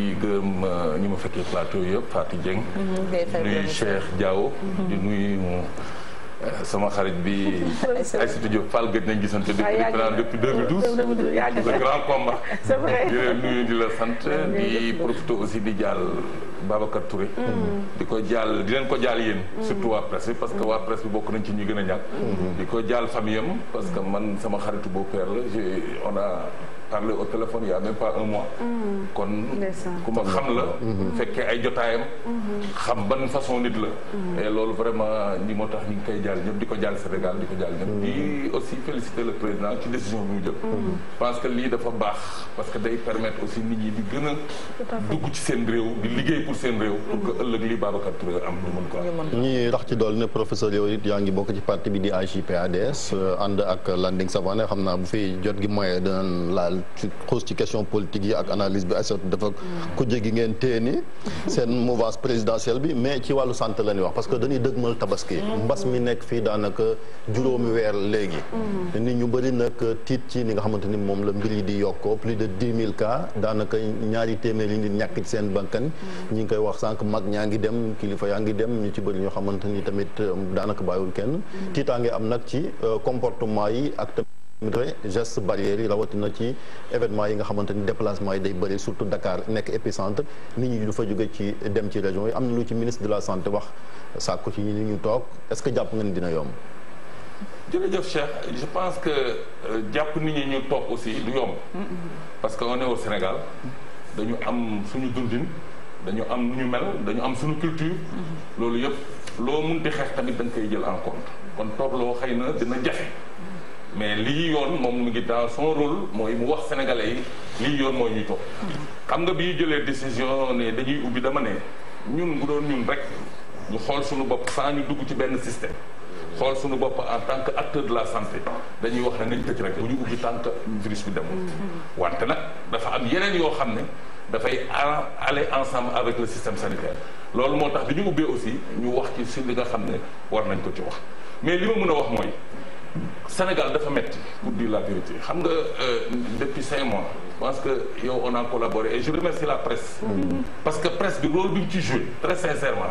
di gërëm euh, ñi ma fekkee plateau yëpp Fatou Dieng. Mm-hmm, nuyu Cheikh Diaw. Mm-hmm. di nuyu euh, sama xarit bi. Aïssatou Diop Fall gëj nañ gisante depuis ah, depuis 2012. le grand combat. c'est vrai di leen nuyu di la sant di profité aussi di jàll. Babacar Touré. Mm-hmm. di ko jaal di leen ko jaal yéen. Mm-hmm. surtout waa presse bi parce que waa presse bokk nañ ci ñi gën a ñàkk. Mm-hmm. di ko jaal famille am parce que man sama xaritu boo père la j'ai on a parlé au téléphone y a même pas un mois. kon ku ma xam la. fekkee ay jotaayam. xam ban façon nit la. et loolu vraiment ñi moo tax ñu ngi koy jaal ñëpp di ko jaal Sénégal di ko jaal ñëpp. di aussi féliciter le président ci décision bi mu jël. parce que lii dafa baax parce que day permettre aussi nit ñi di gën a. dugg ci seen réew di liggéey pour seen réew. pour que ëllëg li Babacar Touré am ñii tax ci dool ne professeur yow it yaa ngi bokk ci parti bi di AJPADS euh, ànd ak Landing Savané xam naa bu fi jot gi moyen dinañ laal ci xuus ci question politique yi ak analise bi asset dafa ku jéggi ngeen téye ni seen mouvance présidentielle bi mais ci wàllu sant la ñuy wax parce que dañuy dëgmal tabaski. Mm. mbas mi nekk fii daanaka juróomi weer léegi. Mm. nit ñu bëri nag tiit ci ni nga xamante ni moom la mbir yi di yokkoo plus de dix mille cas daanaka ñaari téeméeri nit ñàkk ci seen bakkan. Mm. ngi koy wax sànq mag ñaa ngi dem kilifa yaa ngi dem ñu ci bëri ñoo xamante ni tamit um, daanaka bàyyiwul kenn mm-hmm. tiitaange am nag ci euh, comportement yi ak tamit geste barrières yi rawatina ci événement yi nga xamante ni déplacement yi day bëri surtout Dakar nekk épicentre nit ñi du fa jóge ci dem ci région yi am na lu ci ministre de la santé wax sàkku ci ñi ñu toog est-ce que jàpp nga ni dina yomb jërëjëf Cheikh je pense que euh, nit ñi ñu toog aussi du yomb parce que on est au Sénégal dañu dañu am nu ñu mel dañu am suñu culture. loolu yëpp loo mun munti xeex tamit da nga koy jël en compte kon toogloo xëy na dina jafe. mais lii yoon moom mu ngi dans son rôle mooy mu wax sénégalais yi lii yoon mooy ñuy toog. xam nga bi jëlee décision ne dañuy ubbi dama ne ñun bu doon ñun rek ñu xool suñu bopp saa ñu dugg ci benn système. xool suñu bopp en tant que acteur de la santé dañuy wax ne nañ tëj rek bu ñu ubbi tant que virus bi demul. Mm-hmm. wante nag dafa am yeneen yoo xam ne. faut aller ensemble avec le système sanitaire Lorsque nous montage nous aussi nous wax ci li mais li Sénégal pour dire la vérité euh, depuis cinq mois je pense que on a collaboré et je remercie la presse mm-hmm. parce que presse du rôle très sincèrement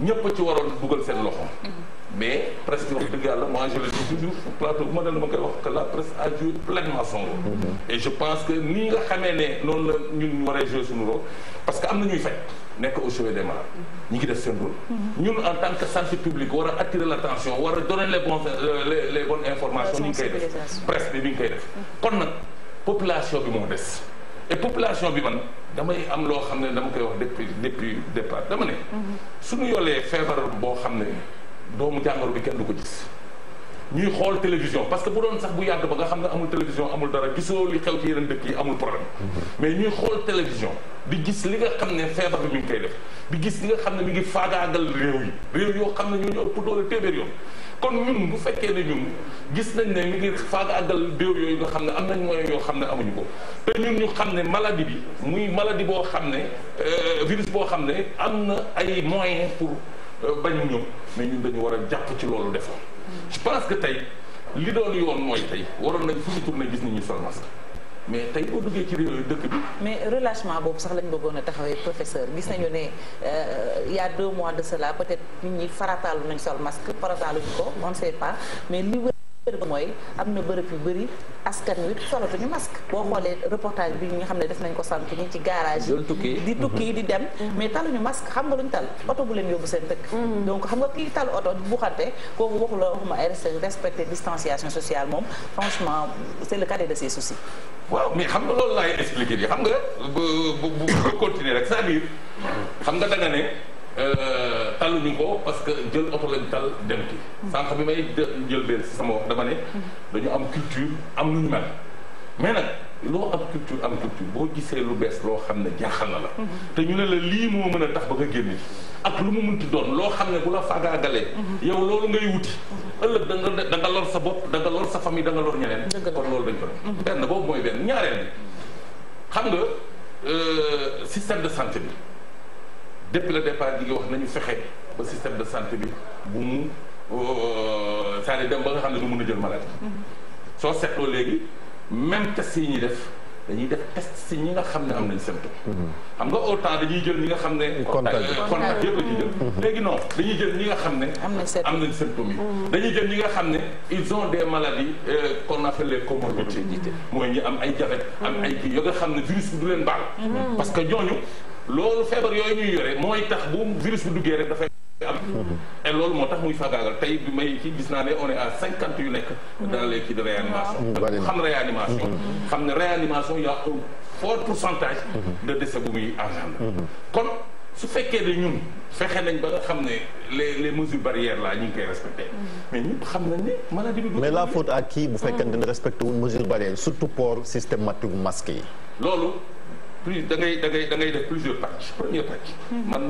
ñëpp ci waroon dugal seen loxo. mais presse bi wax dëgg yàlla moi je le dis toujours plateau ma dal ma koy wax que la presse a joué pleinement son rôle. et je pense que ni nga xamee ne noonu la ñun waree joué suñu rôle parce que am na ñuy faj nekk au chevet des malades ñi ngi def seen rôle. ñun en tant que santé publique war a attirer l' attention war a donner les bons euh, les les bonnes informations. ñu ngi koy def presse bi bi ñu koy def kon nag population bi moo des. et population bi man damay am loo xam ne dama koy wax depuis depuis départ dama ne. suñu yolee feebar boo xam ne doomu jàngoro bi kenn du ko gis. ñuy xool télévision parce que bu doon sax bu yàgg ba nga xam ne amul télévision amul dara gisoo li xew ci yeneen dëkk yi amul problème mais ñuy xool télévision di gis li nga xam ne feebar bi mi ngi koy def di gis li nga xam ne mu ngi faagaagal réew yi réew yoo xam ne ñoo ñu ëpp doole téeméer yoon kon ñun bu fekkee ne ñun gis nañ ne ngir ngi faagaagal béew yooyu nga xam ne am nañ moyen yoo xam ne amuñu ko te ñun ñu xam ne maladie bi muy maladie boo xam ne euh, virus boo xam ne am na ay moyen pour euh, bañ ñëw mais ñun dañu war a jàpp ci loolu defoon je pense que tey li doon yoon mooy tey waroon nañ fu ñu tourné gis nit ñi sol masque mais tey boo duggee ci réew dëkk bi. mais relâchement boobu sax lañ bëggoon a taxawee professeur gis nañu ne euh, il a deux mois de cela peut-être nit ñi farataalu nañ sol masque farataaluñu ko on ne sait pas mais li. mooy am na bërëb yu bëri askan wi solatuñu masque koo xoolee reportage bi nga xam ne def nañ ko sant ñi ci garage yi di tukki di dem mhm. mais taluñu masque xam nga luñ tal oto bu leen yóbbu seen dëkk mhm. donc xam nga kii tal oto di buxante kooku waxu la waxuma ay respecter distanciation sociale moom franchement c'est le cadet de ses soucis waaw mais xam nga loolu laay expliquer bi xam nga bu bu continuer rek cest à xam nga danga ne Euh, talu ko parce que jël oto lañ tal dem ci sànq bi may jël benn si sama dama ne dañu am culture am lu ñu mel mais nag loo am culture am culture boo gisee lu bees lo xam ne jaaxal na la mhm. te ñu ne la lii moo mën tax ba nga génn ak lu mu munti doon Lo xam ne bu la fagaagalee mhm. yow loolu ngay wuti ëllëg da nga da nga lor sa bopp da nga lor sa famille da nga lor ñeneen kon loolu dañ ko def mhm. benn boobu mooy benn xam nga euh, système de santé bi depuis le départ di ngi wax nañu fexe ba système de santé bi bu mu cest a dem ba nga xamné ne du mun jël malade so setlo légui même test yi ñi def dañuy def test ci ñi nga xamné am nañ symptôme. xam nga autant dañuy jël ñi nga xamné contact yëpp ci jël. légui non dañuy jël ñi nga xamné am nañ symptôme am dañuy jël ñi nga xamné ils ont des maladies euh, qu'on appelle les comorbidités. moy ñi am ay diabète am ay kii nga xamné virus bi du leen baal. parce que ñoñu loolu feebar yooyu ñuy yore mooy tax bu virus bu duggee rek dafay mhm. loolu moo tax muy fagaagal tey bi may ci gis naa ne on est à cinquante yu nekk dans les kii de réanimation mhm. xam réanimation mhm. xam ne réanimation y a un fort pourcentage de décès bu muy engendre kon su fekkee ne ñun fexe nañ ba nga xam ne les les mesures barrières là ñu ngi koy respecté. mais ñëpp xam nañ ne maladie bi. mais la faute ak kii bu fekkee ne respecté wu mesure barrière surtout pour systématique masque yi. loolu plus da ngay da da ngay def plusieurs pàcc premier pàcc. Hmm. man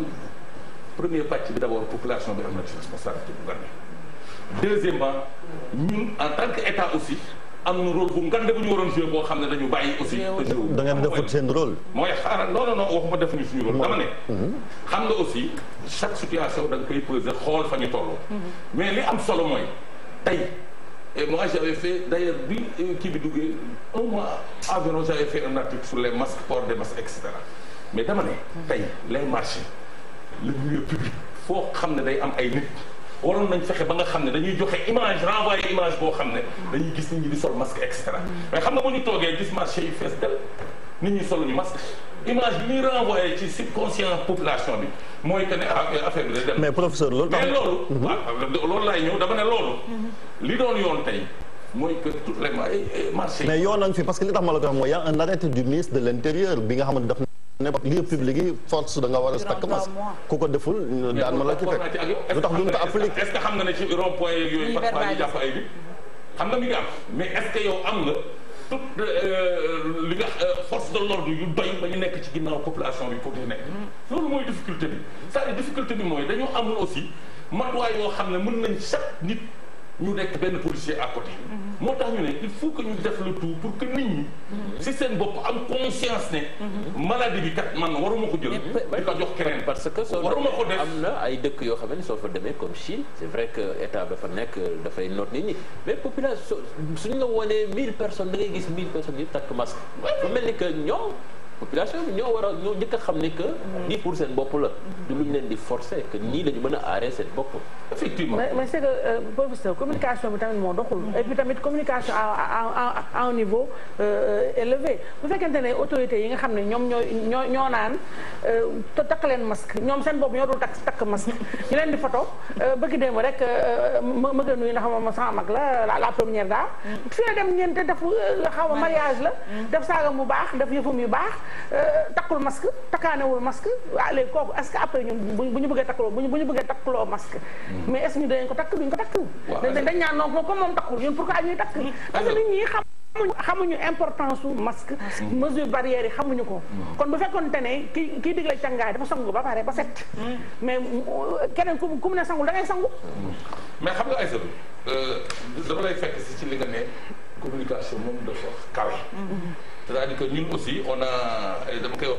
premier pàcc bi d' abord population bi am na ci responsabilité bu ngande. deuxièmement ñun en tant état aussi am na rôle bu ngande bu ñu waroon jouer boo xam ne dañu bàyyi aussi. da ngeen defut seen rôle. mooy xaaral non non non waxuma defuñu suñu rôle. dama ne. Hmm. xam nga aussi chaque situation da nga koy peser xool fa ñu toll. Hmm. mais li am solo mooy tey. Et moi, j'avais fait, d'ailleurs, euh, un mois avant, j'avais fait un article sur les masques, port des masques, etc. Mais d'abord, les marchés, le milieu public, il faut que les gens aient des ba nga dañuy image image dañuy mais quand nga bu des marchés, ils marché nit ñi solo ñu masque image bi ñuy ci subconscient population bi mooy que ne ah, affaire bi day dem. mais professeur loolu. mais loolu. Mhm. waaw loolu laay ñëw dama ne loolu. Mhm. li doon yoon tey. mais yoon fi parce que li tax ma la ko wax mooy y' a un arrêté du ministre de l' intérieur bi nga xamante daf ne lieu public yi force da nga war a takk masque ku ko deful daan ma la ci fekk lu tax duñ ko appliqué. est que xam nga ne ci rond point yooyu. parfois ñu jàpp ay bi xam mais est que yow am nga. toute euh, euh, li nga euh, force de l'ordre yu bay ba ñu nekk ci ginnaaw population bi côté nekk loolu mooy difficulté bi c'est-à-dire difficulté bi mooy dañoo amul aussi matuwaay yoo xam ne mën nañ chaque nit nous n'avons pas de policiers à côté. Il faut que nous fassions le tout pour que nous, mm si c'est une bonne en conscience, mm -hmm. maladie, nous devons nous faire un problème. Parce que ce qui est important, c'est que nous des demain comme Chine. C'est vrai que l'État a fait une autre ligne. Mais la population, si nous avons 1000 personnes, nous avons 1000 personnes qui ont fait un masque. Mais nous avons population ñoo wara ñoo jëk xamné que. Mm. ni pour sen bopp la. Mm-hmm. du luñ leen di forcer que ni lañu mëna arrêter cette aaree effectivement mais c'est c' est que euh, professeur communication bi tamit mo doxul. Mm-hmm. et puis tamit communication à à un niveau euh, euh, élevé bu fekkante né autorité yi nga xamné ñom ñoo ñoo ñoo euh takk leen masque ñom sen bopp ñoo dul takk takk masque ñu leen di photo bëgg dem rek ma ma gën nuyu ndax ma sama mag la la première daa. Mm. fi dem ñeent def xaw mariage la. Mm. def saga mu baax def yefum yu baax. Euh, takkul masque takkaanewul masque waaw léegi kooku est ce que après ñun bu ñu bëggee takkuloo bu ñu bëggee takkuloo masque. Hmm. mais est ce que ñu dinañ ko takk duñ ko takk. dañ ñaan noonu moom hmm. xam. xamuñu importance su masque hmm. mesure yi xamuñu ko kon bu fekkoonte ne ki kii digle càngaay dafa sangu ba pare ba set mais keneen ku ku mu ne sangul da ngay sangu mais xam nga ay satu euh, dafa lay fekk si ci li communication de carré. c'est-à-dire que nous aussi on a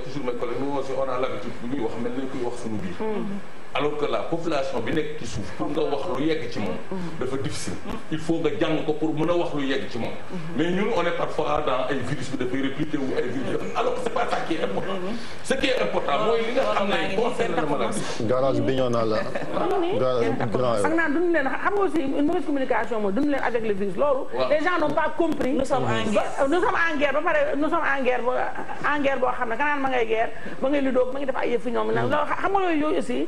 toujours mes collègues nous aussi on a l'habitude vie nous alors que la population bi souffre, pour difficile il faut nga pour mais nous, on est parfois dans un virus de dafay répliquer ou virus alors que c'est pas ça qui est important ce qui est important li la maladie garage aussi une mauvaise communication avec les virus les gens n'ont pas compris nous sommes en guerre nous sommes en guerre nous sommes en guerre en guerre en guerre ba ngay def ay hmm. xam nga aussi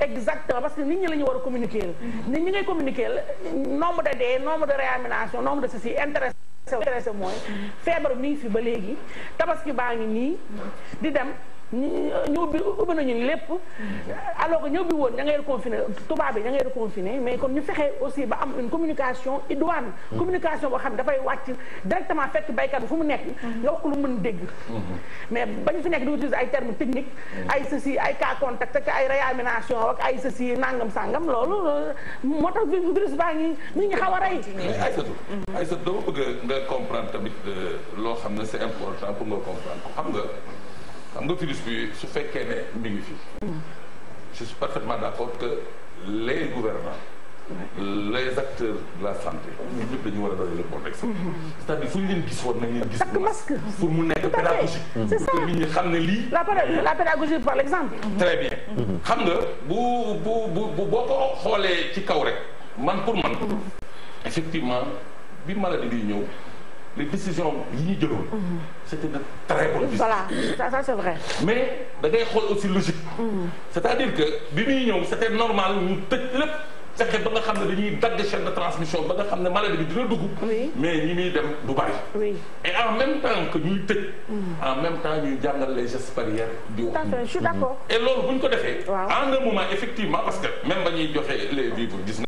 exactement parce que nit ñi la ñu war a communiquer nit ñi ngay communiquer nombre de dee nombre de réanimation nombre de ceci intéressé intéressé mooy feebar mi ngi fi ba léegi tabaski baa ngi nii di dem ñu ubbi ubbi nañu lépp alors que ñëw bi woon ña ngay confiné tubaab bi ña ngay reconfiné mais kon ñu fexee aussi ba am une communication idoine communication boo xam dafay wàcc directement fekk baykat bi fu mu nekk nga wax ko lu mën dégg mais ba ñu fi nekk di ay termes techniques ay ceci ay cas contact ak ay réanimation ak ay ceci nangam sangam loolu euh, moo tax virus baa ngi nit ñi a rey ay satu ay satu dama bëgg nga comprendre tamit euh, loo xam ne c'est important pour ko xam nga Donc bi se fait je suis parfaitement d'accord que les gouvernants les acteurs de la santé c'est-à-dire qu'il faut masque c'est ça la pédagogie par l'exemple très bien Vous savez, pour effectivement bi maladie les décisions yi ñu mhm. c'était de très bonnes décisions. voilà ça, ça c'est vrai. mais ben, da ngay xool aussi logique. Mhm. c'est-à-dire que bi c'était normal ñu tëj lépp. fexe ba nga xam dañuy chaîne de transmission ba nga xam ne maladie bi dina dugg. mais ñi muy dem du bari. oui et en même temps que ñuy tëj. Mhm. en même temps ñuy jàngal les gestes barrières di wax. je suis d'accord. et loolu vous ñu ko defee. en un moment effectivement parce que même ba ñuy joxe les vivres 19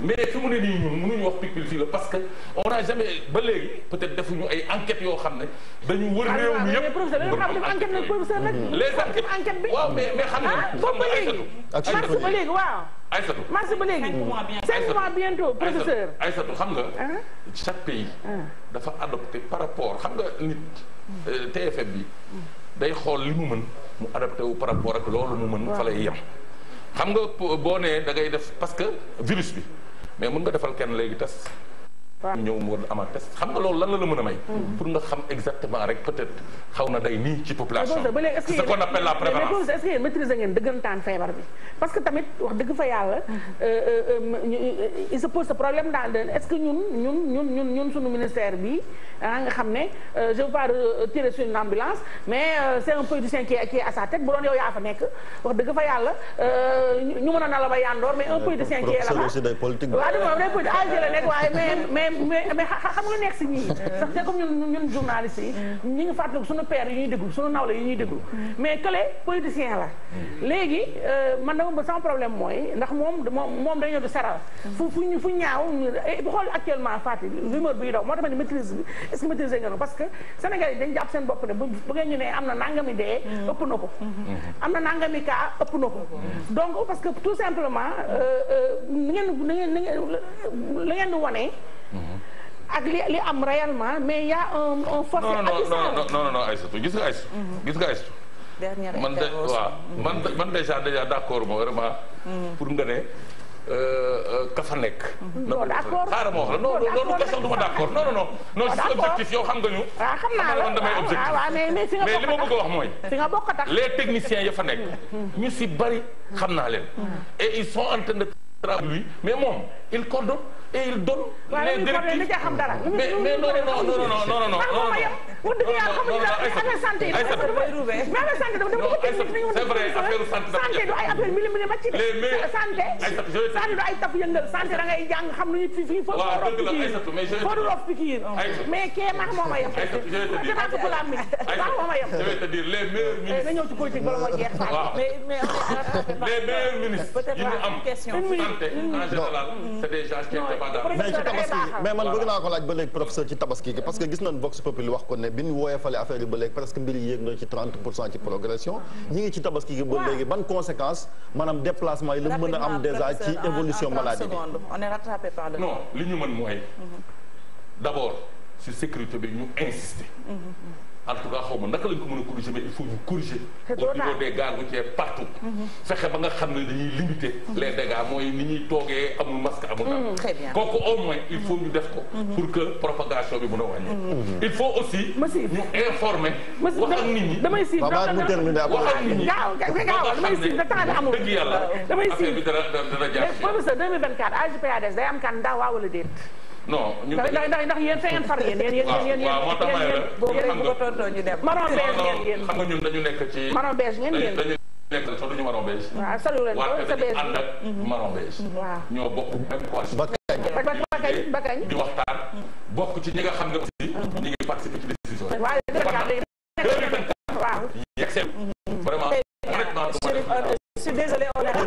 mais fi mu ne nii ñun mënuñu wax Pic Ville fii la parce que on a jamais ba léegi peut-être defuñu ay enquêtes yoo xam ne dañu wër réew mi yëpp les enquêtes bi waaw mais mais xam nga comme ba léegi mars ba léegi waaw Aïssatou mars ba léegi cinq mois bientôt professeur Aïssatou xam nga chaque pays dafa adopté par rapport xam nga nit TFM bi day xool li mu mën mu adopté wu par rapport ak loolu mu mën fa lay yem xam nga boo nee da ngay def parce que virus bi mais mun nga defal kenn léegi test waaw ñëw mu amaat test xam nga loolu lan la la mën a may. Mm-hmm. pour nga xam exactement rek peut-être xaw na day nii ci population. ce qu'on appelle la prévalence est-ce que yéen maîtriser ngeen dëggantaan feebar bi. parce que tamit wax dëgg fa yàlla. Mm-hmm. Euh, euh, euh, il se pose ce problème daal de est-ce que ñun ñun ñun ñun ñun suñu ministère bi ah nga xam ne je veux pas tirer sur une ambulance mais c'est un politicien qui est qui est à sa tête bu doon yow yaa fa nekk wax dëgg fa yàlla ñu mën a na la ba yandoor mais un politicien. qui est là-bas professeur aussi day politique. waaw dama day politique ah la nekk waaye mais mais. mais mais xam nga nekk si ñii sax te comme ñun ñun journalistes yi ñu ngi fàttaliku suñu père yi ñuy déglu suñu nawle yi ñuy déglu mais kële politicien la léegi euh, man dama ba sans problème mooy ndax moom moom dañoo di saral fu fuñ fu ñaaw eh, bu xool actuellement Fatick rumeur bi daw moo tax ne maîtrise bi est-ce que maîtrise nga parce que Sénégal yi dañ jàpp seen bopp ne bu ngeen ñu nee am na nangami dee ëpp na ko am na nangami kaa ëpp na ko donc parce que tout simplement euh, euh, ngeen ngeen li ngeen di wane ak li li am réellement mais y a un un forfait abyssal. non non non Aïssatou gis nga Aïssatou. Mhm. gis nga Aïssatou. dernière man de waaw man man déjà déjà d'accord ma vraiment. Mhm. pour nga ne euh, euh, ka fa nekk. Mhm. non d'accord xaaral ma wax la non loolu question du ma d'accord non non non si objectif yow xam nga ñu. waaw ah, xam naa la damay ah, objectif mais li ma bëgg a wax mooy. si nga bokk tax les techniciens ya fa nekk. ñu si bari xam naa leen. et ils sont en train de travailler mais moom il coordonne. et il donne les directives mais mais non non non non non non non non wax dëgg yàlla xamuñu la affaire santé yi. affaire santé dafa dafa ko technique ñu c'est vrai affaire santé du ay affaire milimètre ma ci santé santé du ay tap yëngal santé da ngay jàng xam nuñu fi fi fo rof pikiir mais kee max moo ma yem danaa ko la mi max moo ma yem je vais te dire les meilleurs ministres na ñëw ci politique bala moo jeex mais mais les meilleurs ministres yi ñu am santé en général c'est des gens qui étaient pas dans mais ci tabaski mais man bëgg naa ko laaj ba léegi professeur ci tabaski parce que gis nañ vox populi wax ko ne bi ñu woyofalee affaire yi ba léegi presque mbir yéeg na ci ci progression ñi ngi ci tabaski gi ba léegi ban conséquence maanaam déplacement yi la mën a am déjà ci évolution maladie bi non li ñu mën mooy mhm. d'abord sur sécurité bi ñu insister mhm, mhm. en tout cas xaw ma naka lañ ko mën a corriger mais il faut ñu corriger au niveau des gares routières partout mm-hmm. fexe ba nga xam ne dañuy limiter mm-hmm. les dégâts mooy ni ñuy toogee amul masque amul dara mm, kooku au moins il faut ñu def ko mm-hmm. pour que propagation bi mën a wàññi il faut aussi ñu informer wax ak nit ñi damay siif wax ak nit ñi gaaw gaaw damay siif da temps bi amul dëgg yàlla damay siif bi dana dana jaar professeur 2024 AJ/PADS day am kan ndaa waa wala déet non ñu ndax ndax yéen fa ngeen far yéen yéen yéen yéen yéen waaw moo tax may la boo ko tontoo ñu dem maroon bees ngeen yéen xam nga ñun dañu nekk ci maroon bees ngeen yéen dañu nekk so duñu maroon bees waaw solu leen ko sa bees ànd ak mhm. maroon bees waaw ñoo bokk même coalition bakañ bakañ di waxtaan bokk ci ñi nga xam ne aussi mhm. ñi ngi participer ci décision waaw mhm. vraiment honnêtement euh, je suis désolé